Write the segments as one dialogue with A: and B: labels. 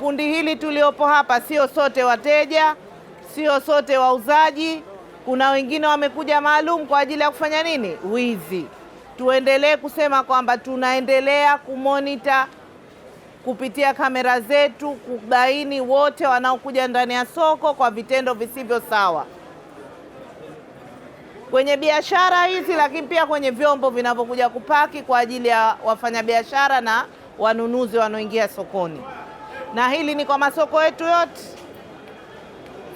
A: kundi hili tuliopo hapa sio sote wateja, sio sote wauzaji. Kuna wengine wamekuja maalum kwa ajili ya kufanya nini? Wizi. Tuendelee kusema kwamba tunaendelea kumonita kupitia kamera zetu kubaini wote wanaokuja ndani ya soko kwa vitendo visivyo sawa kwenye biashara hizi, lakini pia kwenye vyombo vinavyokuja kupaki kwa ajili ya wafanyabiashara na wanunuzi wanaoingia sokoni na hili ni kwa masoko yetu yote.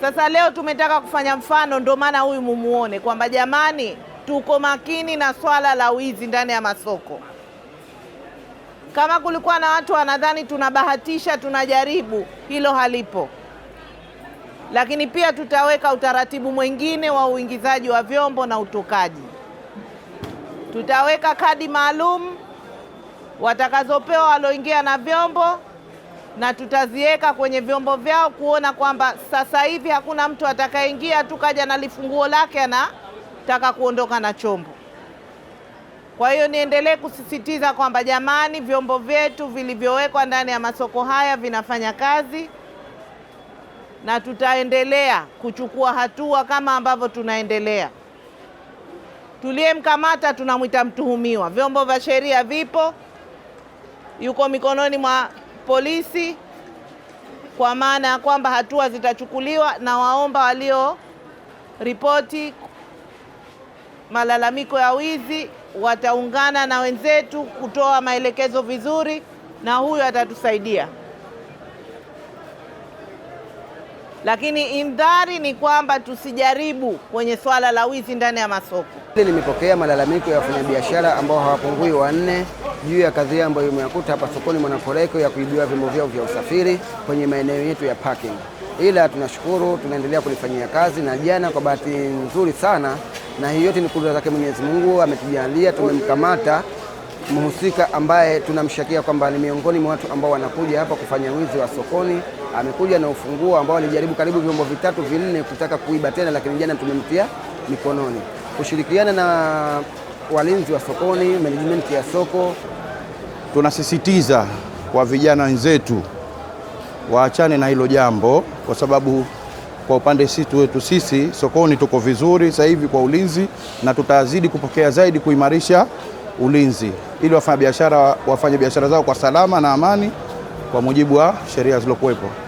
A: Sasa leo tumetaka kufanya mfano, ndio maana huyu mumuone kwamba jamani, tuko makini na swala la wizi ndani ya masoko. Kama kulikuwa na watu wanadhani tunabahatisha, tunajaribu, hilo halipo. Lakini pia tutaweka utaratibu mwingine wa uingizaji wa vyombo na utokaji. Tutaweka kadi maalum watakazopewa walioingia na vyombo na tutaziweka kwenye vyombo vyao kuona kwamba sasa hivi hakuna mtu atakayeingia tu kaja na lifunguo lake anataka kuondoka na chombo. Kwa hiyo niendelee kusisitiza kwamba jamani, vyombo vyetu vilivyowekwa ndani ya masoko haya vinafanya kazi na tutaendelea kuchukua hatua kama ambavyo tunaendelea. Tuliyemkamata tunamwita mtuhumiwa, vyombo vya sheria vipo, yuko mikononi mwa polisi, kwa maana ya kwamba hatua zitachukuliwa, na waomba walio ripoti malalamiko ya wizi wataungana na wenzetu kutoa maelekezo vizuri, na huyo atatusaidia. Lakini indhari ni kwamba tusijaribu kwenye swala la wizi ndani ya masoko.
B: Nimepokea malalamiko ya wafanyabiashara ambao hawapungui wanne juu ya kadhia ambayo imeyakuta hapa sokoni Mwanakoreko ya kuibiwa vyombo vyao vya usafiri kwenye maeneo yetu ya parking, ila tunashukuru, tunaendelea kulifanyia kazi, na jana kwa bahati nzuri sana, na hiyo yote ni kudura zake Mwenyezi Mungu, ametujalia tumemkamata mhusika ambaye tunamshakia kwamba ni miongoni mwa watu ambao wanakuja hapa kufanya wizi wa sokoni. Amekuja na ufunguo ambao alijaribu karibu vyombo vitatu vinne kutaka kuiba tena, lakini jana tumemtia mikononi, kushirikiana na walinzi wa sokoni, management ya soko
C: tunasisitiza kwa vijana wenzetu waachane na hilo jambo, kwa sababu kwa upande situ wetu sisi sokoni tuko vizuri sasa hivi kwa ulinzi, na tutazidi kupokea zaidi kuimarisha ulinzi ili wafanyabiashara wafanye biashara zao kwa salama na amani kwa mujibu wa sheria zilizokuwepo.